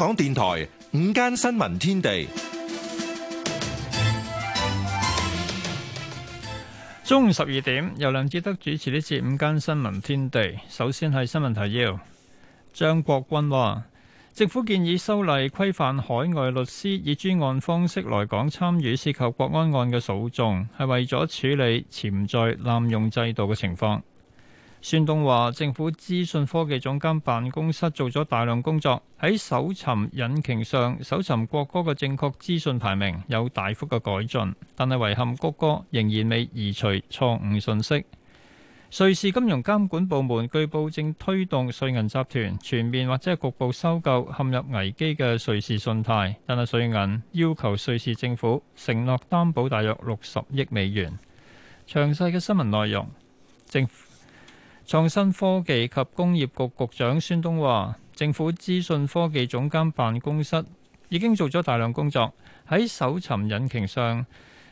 香港電台午間新聞天地，中午十二點，由梁志德主持呢節午間新聞天地。首先係新聞提要。張國軍話，政府建議修例規範海外律師以專案方式來港參與涉及國安案嘅訴訟，係為咗處理潛在濫用制度嘅情況。孫東話：政府資訊科技總監辦公室做咗大量工作，喺搜尋引擎上搜尋國歌嘅正確資訊排名有大幅嘅改進，但係遺憾谷歌仍然未移除錯誤信息。瑞士金融監管部門據報正推動瑞銀集團全面或者局部收購陷入危機嘅瑞士信貸，但係瑞銀要求瑞士政府承諾擔保大約六十億美元。詳細嘅新聞內容，政府。創新科技及工業局局長孫東話：政府資訊科技總監辦公室已經做咗大量工作，喺搜尋引擎上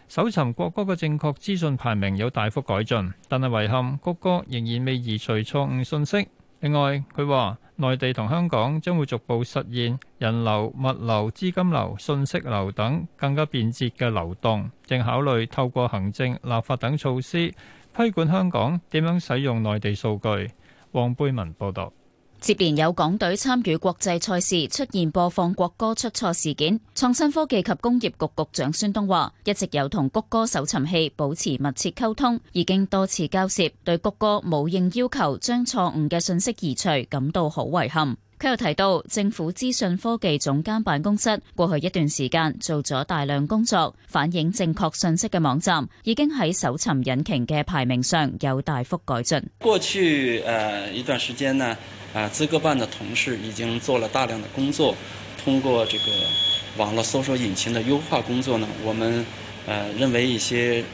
搜尋國歌嘅正確資訊排名有大幅改進，但係遺憾谷歌仍然未移除錯誤信息。另外，佢話內地同香港將會逐步實現人流、物流、資金流、信息流等更加便捷嘅流動，正考慮透過行政、立法等措施。規管香港點樣使用內地數據，黃貝文報道。接連有港隊參與國際賽事出現播放國歌出錯事件，創新科技及工業局局長孫東話：一直有同谷歌搜尋器保持密切溝通，已經多次交涉，對谷歌冇應要求將錯誤嘅信息移除感到好遺憾。佢又提到，政府資訊科技總監辦公室過去一段時間做咗大量工作，反映正確信息嘅網站已經喺搜尋引擎嘅排名上有大幅改進。過去誒一段時間呢，啊資科辦的同事已經做了大量的工作，通過這個網絡搜索引擎的優化工作呢，我們誒認為一些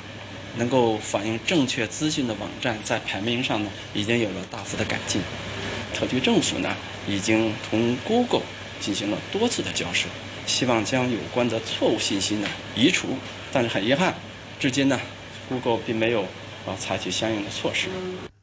能夠反映正確資訊的網站在排名上呢已經有了大幅的改進。特區政府呢，已經同 Google 進行了多次的交涉，希望將有關的錯誤信息呢移除，但是很遺憾，至今呢 Google 並沒有啊採取相應的措施。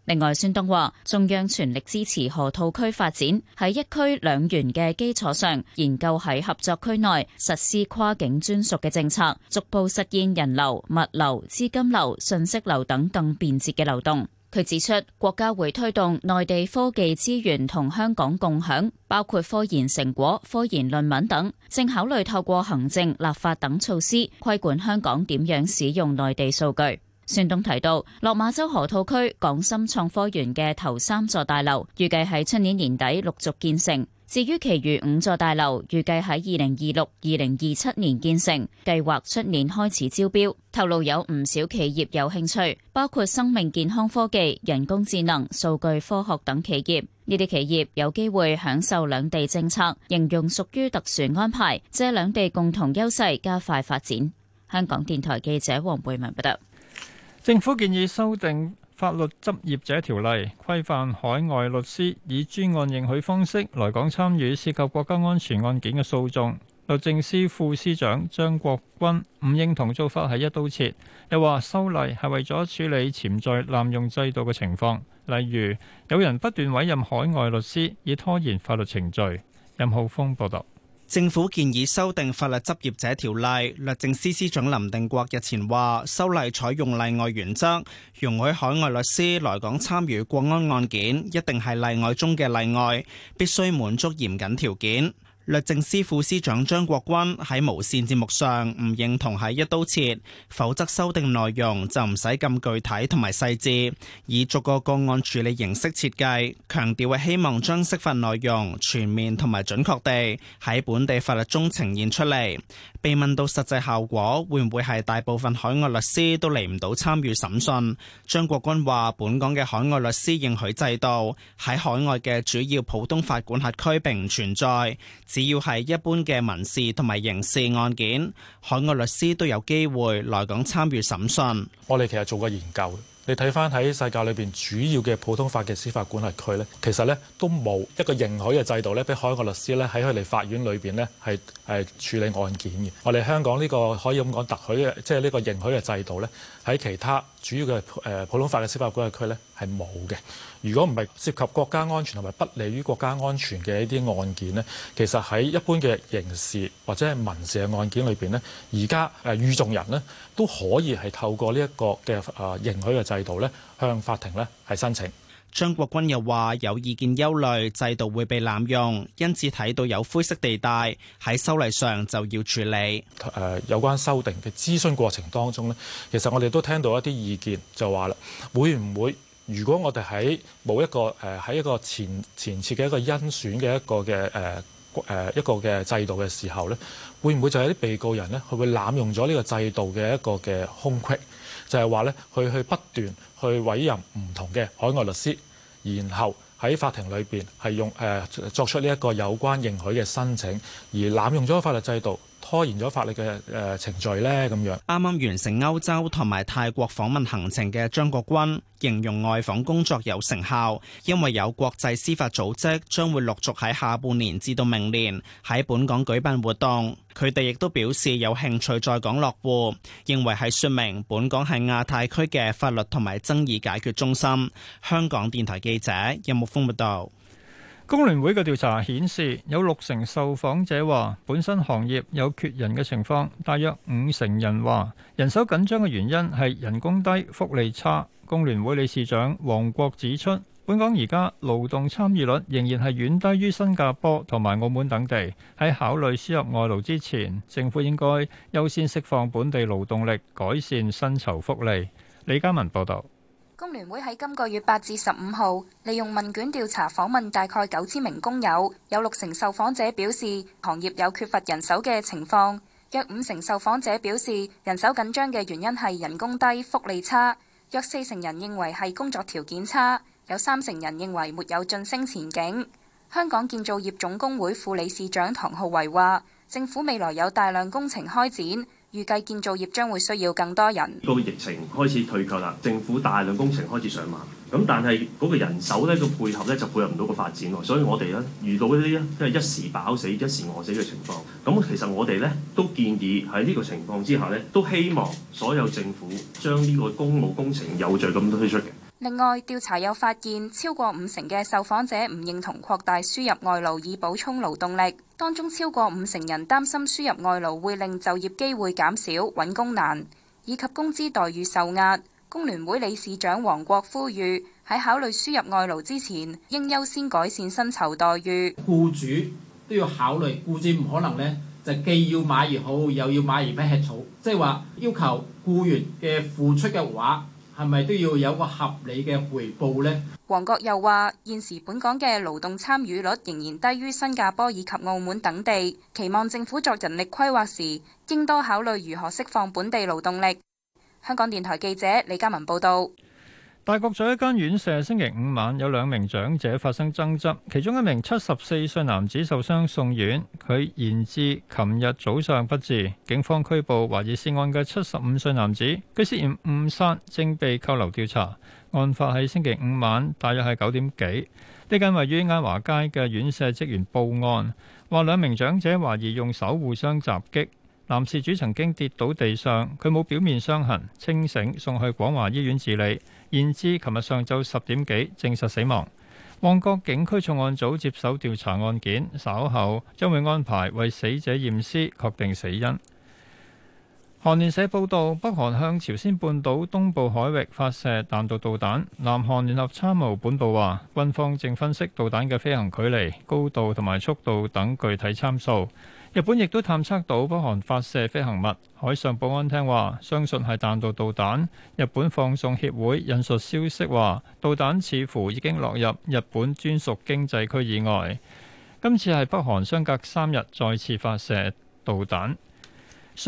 另外，孫東話，中央全力支持河套區發展，在一區兩園嘅基礎上，研究喺合作區內實施跨境專屬嘅政策，逐步實現人流、物流、資金流、信息流等更便捷嘅流動。佢指出，國家會推動內地科技資源同香港共享，包括科研成果、科研論文等。正考慮透過行政、立法等措施規管香港點樣使用內地數據。孫東提到，落馬洲河套區港深創科園嘅頭三座大樓，預計喺出年年底陸續建成。至於其餘五座大樓，預計喺二零二六、二零二七年建成，計劃出年開始招標。透露有唔少企業有興趣，包括生命健康科技、人工智能、數據科學等企業。呢啲企業有機會享受兩地政策，形容屬於特殊安排，借兩地共同優勢加快發展。香港電台記者黃貝文報道。政府建議修訂。法律執業者條例規範海外律師以專案認許方式來港參與涉及國家安全案件嘅訴訟。律政司副司長張國軍唔認同做法係一刀切，又話修例係為咗處理潛在濫用制度嘅情況，例如有人不斷委任海外律師以拖延法律程序。任浩峰報道。政府建議修訂法律執業者條例，律政司司長林定國日前話：修例採用例外原則，容許海外律師來港參與國安案件，一定係例外中嘅例外，必須滿足嚴謹條件。律政司副司長張國軍喺無綫節目上唔認同係一刀切，否則修訂內容就唔使咁具體同埋細緻，以逐個個案處理形式設計。強調希望將釋法內容全面同埋準確地喺本地法律中呈現出嚟。被問到實際效果會唔會係大部分海外律師都嚟唔到參與審訊，張國軍話：本港嘅海外律師認許制度喺海外嘅主要普通法管轄區並唔存在。只要係一般嘅民事同埋刑事案件，海外律師都有機會來港參與審訊。我哋其實做過研究。你睇翻喺世界裏面主要嘅普通法嘅司法管轄區呢，其實呢都冇一個認許嘅制度呢，俾海外律師呢，喺佢哋法院裏面呢，係係處理案件嘅。我哋香港呢個可以咁講特許嘅，即係呢個認許嘅制度呢，喺其他主要嘅誒普通法嘅司法管轄區呢，係冇嘅。如果唔係涉及國家安全同埋不利於國家安全嘅一啲案件呢，其實喺一般嘅刑事或者係民事嘅案件裏面呢，而家誒與訟人呢，都可以係透過呢一個嘅誒認許嘅制度咧，向法庭咧，係申請。張國軍又話有意見憂慮制度會被濫用，因此睇到有灰色地帶喺修例上就要處理。誒、呃、有關修訂嘅諮詢過程當中咧，其實我哋都聽到一啲意見，就話啦，會唔會如果我哋喺冇一個誒喺、呃、一個前前設嘅一個甄選嘅一個嘅誒誒一個嘅制度嘅時候咧，會唔會就係啲被告人咧，佢會濫用咗呢個制度嘅一個嘅空隙？就係話呢佢去不斷去委任唔同嘅海外律師，然後喺法庭裏面係用誒作出呢一個有關認許嘅申請，而濫用咗法律制度。拖延咗法律嘅誒程序咧，咁樣啱啱完成歐洲同埋泰國訪問行程嘅張國鈞形容外訪工作有成效，因為有國際司法組織將會陸續喺下半年至到明年喺本港舉辦活動，佢哋亦都表示有興趣在港落戶，認為係說明本港係亞太區嘅法律同埋爭議解決中心。香港電台記者任木峰報道。工聯會嘅調查顯示，有六成受訪者話本身行業有缺人嘅情況，大約五成人話人手緊張嘅原因係人工低、福利差。工聯會理事長黃國指出，本港而家勞動參與率仍然係遠低於新加坡同埋澳門等地。喺考慮輸入外勞之前，政府應該優先釋放本地勞動力，改善薪酬福利。李嘉文報導。工聯會喺今個月八至十五號利用問卷調查訪問大概九千名工友，有六成受訪者表示行業有缺乏人手嘅情況，約五成受訪者表示人手緊張嘅原因係人工低、福利差，約四成人認為係工作條件差，有三成人認為沒有晉升前景。香港建造業總工會副理事長唐浩維話，政府未來有大量工程開展。預計建造業將會需要更多人。個疫情開始退卻啦，政府大量工程開始上馬，咁但係嗰個人手咧個配合咧就配合唔到個發展，所以我哋咧遇到一啲即係一時飽死、一時餓死嘅情況。咁其實我哋咧都建議喺呢個情況之下咧，都希望所有政府將呢個工務工程有序咁推出嘅。另外，調查又發現超過五成嘅受訪者唔認同擴大輸入外勞以補充勞動力，當中超過五成人擔心輸入外勞會令就業機會減少、揾工難，以及工資待遇受壓。工聯會理事長黃國呼籲喺考慮輸入外勞之前，應優先改善薪酬待遇。雇主都要考慮，雇主唔可能呢，就既要馬兒好，又要馬兒唔吃草，即係話要求雇員嘅付出嘅話。係咪都要有個合理嘅回報呢？黃國又話：現時本港嘅勞動參與率仍然低於新加坡以及澳門等地，期望政府作人力規劃時，應多考慮如何釋放本地勞動力。香港電台記者李嘉文報道。大角咀一間院舍星期五晚有兩名長者發生爭執，其中一名七十四歲男子受傷送院，佢延至琴日早上不治。警方拘捕懷疑涉案嘅七十五歲男子，佢涉嫌誤殺，正被扣留調查。案發喺星期五晚，大約係九點幾。呢間位於亞華街嘅院舍職員報案，話兩名長者懷疑用手互相襲擊。男事主曾經跌倒地上，佢冇表面傷痕，清醒送去廣華醫院治理，現知琴日上晝十點幾證實死亡。旺角警區重案組接手調查案件，稍後將會安排為死者驗屍，確定死因。韓聯社報導，北韓向朝鮮半島東部海域發射彈道導彈，南韓聯合參謀本部話，軍方正分析導彈嘅飛行距離、高度同埋速度等具體參數。日本亦都探測到北韓發射飛行物，海上保安廳話相信係彈道導彈。日本放送協會引述消息話，導彈似乎已經落入日本專屬經濟區以外。今次係北韓相隔三日再次發射導彈。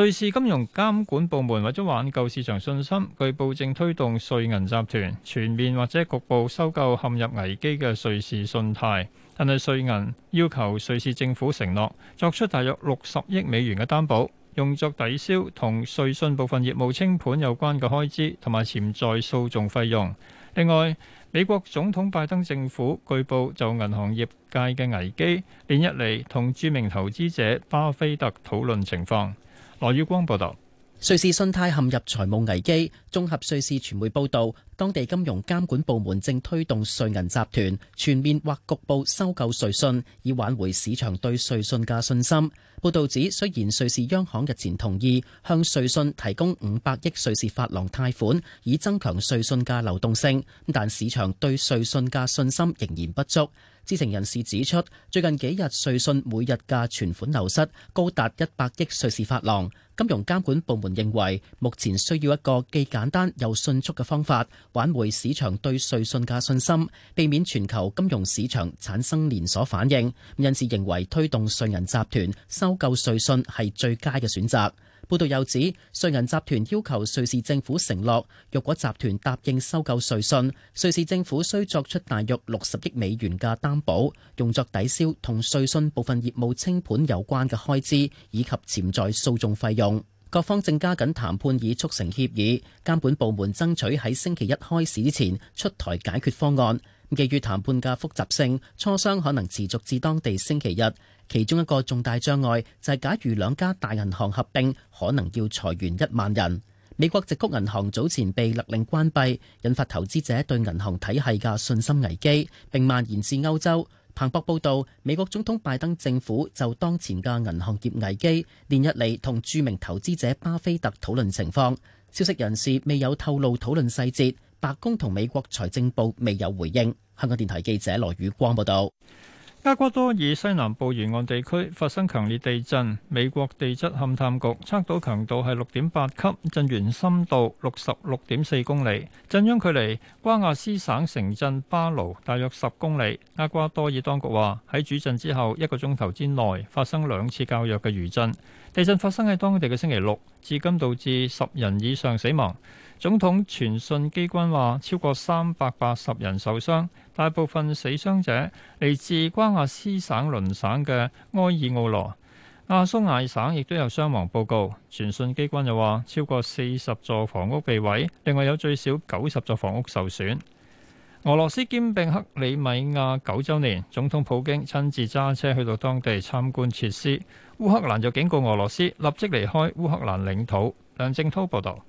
瑞士金融監管部門為咗挽救市場信心，據報正推動瑞銀集團全面或者局部收購陷入危機嘅瑞士信貸，但係瑞銀要求瑞士政府承諾作出大約六十億美元嘅擔保，用作抵消同瑞信部分業務清盤有關嘅開支同埋潛在訴訟費用。另外，美國總統拜登政府據報就銀行業界嘅危機連日嚟同著名投資者巴菲特討論情況。何宇光報道，瑞士信貸陷入財務危機。綜合瑞士傳媒報道，當地金融監管部門正推動瑞銀集團全面或局部收購瑞信，以挽回市場對瑞信嘅信心。報道指，雖然瑞士央行日前同意向瑞信提供五百億瑞士法郎貸款，以增強瑞信嘅流動性，但市場對瑞信嘅信心仍然不足。知情人士指出，最近幾日瑞信每日嘅存款流失高達一百億瑞士法郎。金融監管部門認為，目前需要一個既簡單又迅速嘅方法，挽回市場對瑞信嘅信心，避免全球金融市場產生連鎖反應，因此認為推動瑞銀集團收購瑞信係最佳嘅選擇。報導又指，瑞銀集團要求瑞士政府承諾，若果集團答應收購瑞信，瑞士政府需作出大約六十億美元嘅擔保，用作抵消同瑞信部分業務清盤有關嘅開支以及潛在訴訟費用。各方正加緊談判，以促成協議。監管部門爭取喺星期一開始前出台解決方案。基於談判嘅複雜性，磋商可能持續至當地星期日。其中一個重大障礙就係假如兩家大銀行合併，可能要裁員一萬人。美國矽谷銀行早前被勒令關閉，引發投資者對銀行體系嘅信心危機，並蔓延至歐洲。彭博報道，美國總統拜登政府就當前嘅銀行業危機，連日嚟同著名投資者巴菲特討論情況。消息人士未有透露討論細節。白宮同美國財政部未有回應。香港電台記者羅宇光報道，厄瓜多爾西南部沿岸地區發生強烈地震，美國地質勘探局測到強度係六點八級，震源深度六十六點四公里，震央距離瓜亞斯省城鎮巴勞大約十公里。厄瓜多爾當局話喺主震之後一個鐘頭之內發生兩次較弱嘅餘震。地震發生喺當地嘅星期六，至今導致十人以上死亡。總統傳訊機關話，超過三百八十人受傷，大部分死傷者嚟自瓜亞斯省鄰省嘅埃爾奧羅阿蘇艾省，亦都有傷亡報告。傳訊機關又話，超過四十座房屋被毀，另外有最少九十座房屋受損。俄羅斯兼並克里米亞九週年，總統普京親自揸車去到當地參觀設施。烏克蘭就警告俄羅斯立即離開烏克蘭領土。梁正滔報導。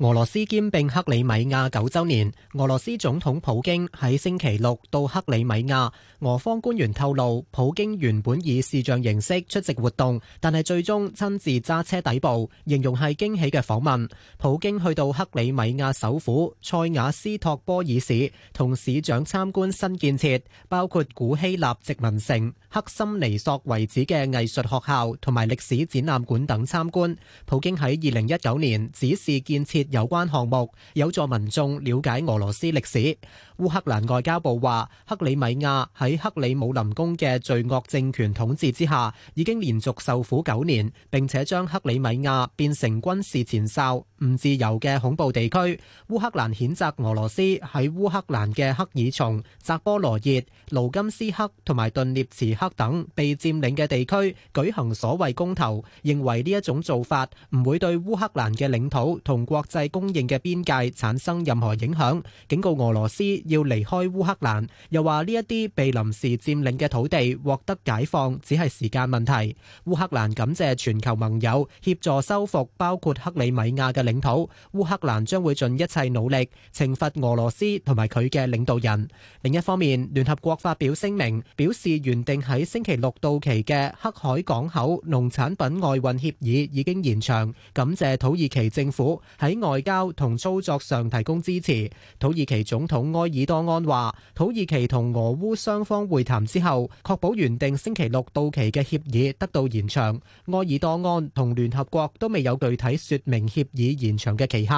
俄羅斯兼併克里米亞九週年，俄羅斯總統普京喺星期六到克里米亞。俄方官員透露，普京原本以視像形式出席活動，但係最終親自揸車抵步，形容係驚喜嘅訪問。普京去到克里米亞首府塞瓦斯托波爾市，同市長參觀新建設，包括古希臘殖民城。克森尼索遺址嘅藝術學校同埋歷史展覽館等參觀。普京喺二零一九年指示建設有關項目，有助民眾了解俄羅斯歷史。烏克蘭外交部話，克里米亞喺克里姆林宮嘅罪惡政權統治之下，已經連續受苦九年，並且將克里米亞變成軍事前哨、唔自由嘅恐怖地區。烏克蘭譴責俄羅斯喺烏克蘭嘅克爾松、扎波羅熱、盧甘斯克同埋頓涅茨。克等被佔領嘅地區舉行所謂公投，認為呢一種做法唔會對烏克蘭嘅領土同國際公認嘅邊界產生任何影響，警告俄羅斯要離開烏克蘭。又話呢一啲被臨時佔領嘅土地獲得解放，只係時間問題。烏克蘭感謝全球盟友協助收復包括克里米亞嘅領土。烏克蘭將會盡一切努力懲罰俄羅斯同埋佢嘅領導人。另一方面，聯合國發表聲明表示原定喺星期六到期嘅黑海港口農產品外運協議已經延長，感謝土耳其政府喺外交同操作上提供支持。土耳其總統埃爾多安話：土耳其同俄烏雙方會談之後，確保原定星期六到期嘅協議得到延長。埃爾多安同聯合國都未有具體説明協議延長嘅期限。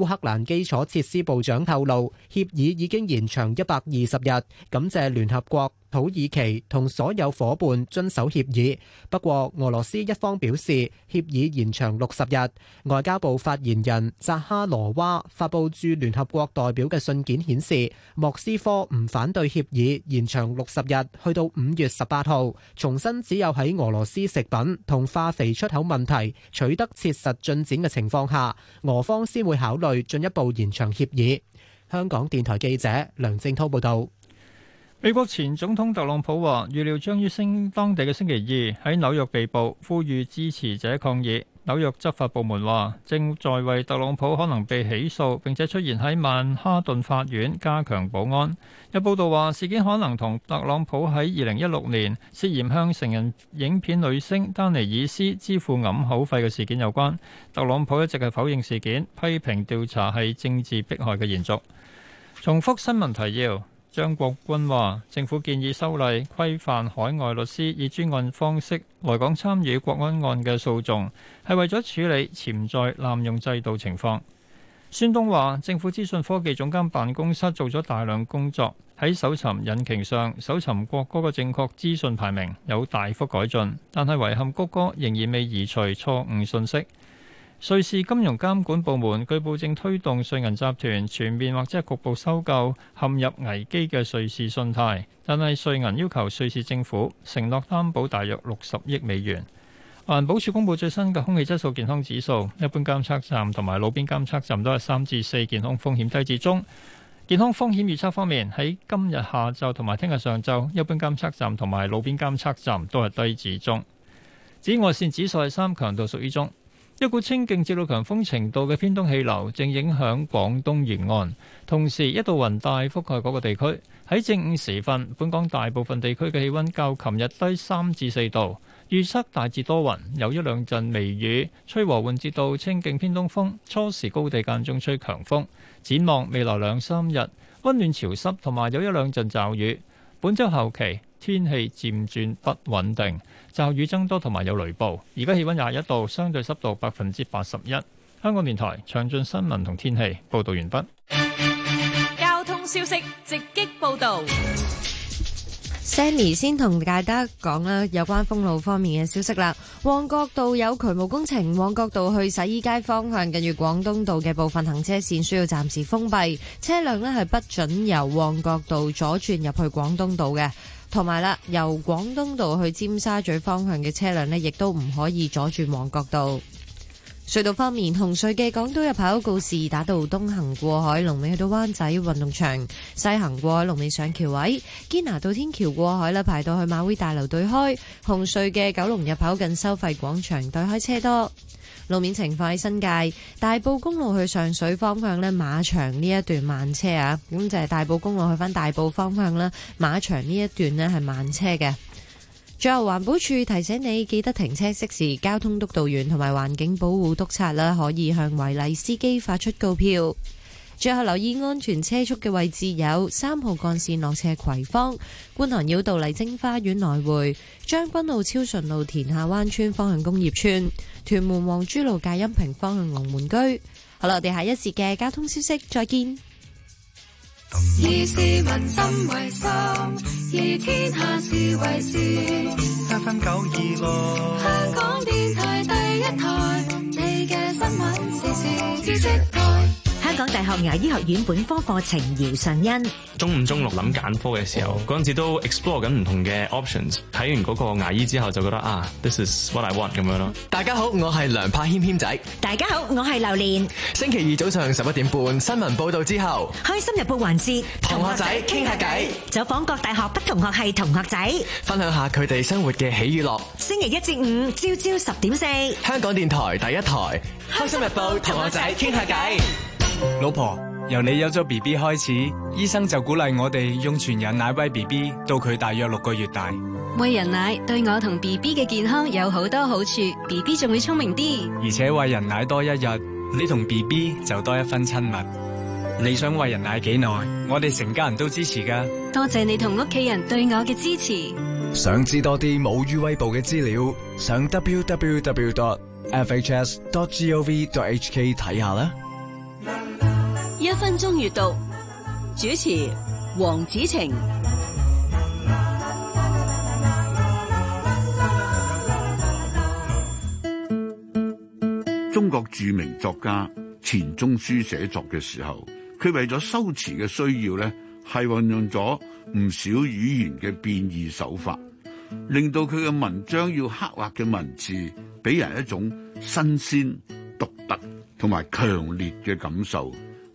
烏克蘭基礎設施部長透露，協議已經延長一百二十日，感謝聯合國。土耳其同所有夥伴遵守協議，不過俄羅斯一方表示協議延長六十日。外交部發言人扎哈羅娃發佈駐聯合國代表嘅信件顯示，莫斯科唔反對協議延長六十日，去到五月十八號。重申只有喺俄羅斯食品同化肥出口問題取得切實進展嘅情況下，俄方先會考慮進一步延長協議。香港電台記者梁正濤報道。美國前總統特朗普話，預料將於星當地嘅星期二喺紐約被捕，呼籲支持者抗議。紐約執法部門話，正在為特朗普可能被起訴，並且出現喺曼哈頓法院加強保安。有報道話，事件可能同特朗普喺二零一六年涉嫌向成人影片女星丹尼爾斯支付掩口費嘅事件有關。特朗普一直係否認事件，批評調查係政治迫害嘅延續。重複新聞提要。張國軍話：政府建議修例規範海外律師以專案方式來港參與國安案嘅訴訟，係為咗處理潛在濫用制度情況。孫東話：政府資訊科技總監辦公室做咗大量工作，喺搜尋引擎上搜尋國歌嘅正確資訊排名有大幅改進，但係遺憾谷歌仍然未移除錯誤信息。瑞士金融監管部門據報正推動瑞銀集團全面或者係局部收購陷入危機嘅瑞士信貸，但係瑞銀要求瑞士政府承諾擔保大約六十億美元。環保署公布最新嘅空氣質素健康指數，一般監測站同埋路邊監測站都係三至四，健康風險低至中。健康風險預測方面，喺今日下晝同埋聽日上晝，一般監測站同埋路邊監測站都係低至中。紫外線指數係三，強度屬於中。一股清勁至到強風程度嘅偏東氣流正影響廣東沿岸，同時一道雲帶覆蓋嗰個地區。喺正午時分，本港大部分地區嘅氣温較琴日低三至四度。預測大致多雲，有一兩陣微雨，吹和緩至到清勁偏東風，初時高地間中吹強風。展望未來兩三日，温暖潮濕，同埋有一兩陣驟雨。本周後期天氣漸轉不穩定，驟雨增多同埋有雷暴。而家氣溫廿一度，相對濕度百分之八十一。香港電台詳盡新聞同天氣報道完畢。交通消息直擊報道。Sandy 先同大家講啦，有關封路方面嘅消息啦。旺角道有渠務工程，旺角道去洗衣街方向近住廣東道嘅部分行車線需要暫時封閉，車輛呢係不准由旺角道左轉入去廣東道嘅，同埋啦由廣東道去尖沙咀方向嘅車輛呢，亦都唔可以左轉旺角道。隧道方面，紅隧嘅港島入口告士打道東行過海，龍尾去到灣仔運動場；西行過海，龍尾上橋位堅拿道天橋過海啦，排到去馬會大樓對開。紅隧嘅九龍入口近收費廣場，對開車多。路面情況喺新界大埔公路去上水方向咧，馬場呢一段慢車啊，咁就係大埔公路去翻大埔方向啦，馬場呢一段呢係慢車嘅。最後，環保處提醒你記得停車熄匙。交通督導員同埋環境保護督察啦，可以向違例司機發出告票。最後，留意安全車速嘅位置有三號幹線落斜葵芳、觀塘繞道、麗晶花園來回將軍澳、超順路田下灣村方向工業村、屯門皇珠路界音平方向龍門居。好啦，我哋下一節嘅交通消息，再見。以市民心為心，以天下事為事。不分九二六，香港電台第一台，你嘅新聞時事知識台。香港大學牙醫學院本科課程姚尚恩，中五中六諗揀科嘅時候，嗰陣時都 explore 緊唔同嘅 options。睇完嗰個牙醫之後，就覺得啊，this is what I want 咁樣咯。大家好，我係梁柏謙謙仔。大家好，我係榴蓮。星期二早上十一點半新聞報道之後，開心日報環節，同學仔傾下偈，走訪各大學不同學係同學仔，分享下佢哋生活嘅喜與樂。星期一至五朝朝十點四，香港電台第一台開心日報，同學仔傾下偈。聊聊老婆，由你有咗 B B 開始，醫生就鼓勵我哋用全人奶餵 B B，到佢大約六個月大。餵人奶對我同 B B 嘅健康有好多好處，B B 仲會聰明啲。而且餵人奶多一日，你同 B B 就多一分親密。你想餵人奶幾耐？我哋成家人都支持㗎。多謝你同屋企人對我嘅支持。想知道多啲母乳餵哺嘅資料，上 www.fhs.gov.hk 睇下啦。一分鐘閱讀，主持黃子晴。中國著名作家錢鍾書寫作嘅時候，佢為咗修辭嘅需要咧，係運用咗唔少語言嘅變異手法，令到佢嘅文章要刻畫嘅文字，俾人一種新鮮、獨特同埋強烈嘅感受。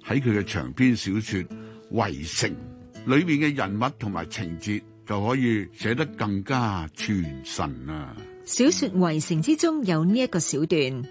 喺佢嘅長篇小說《圍城》裏面嘅人物同埋情節就可以寫得更加傳神啊！小說《圍城》之中有呢一個小段。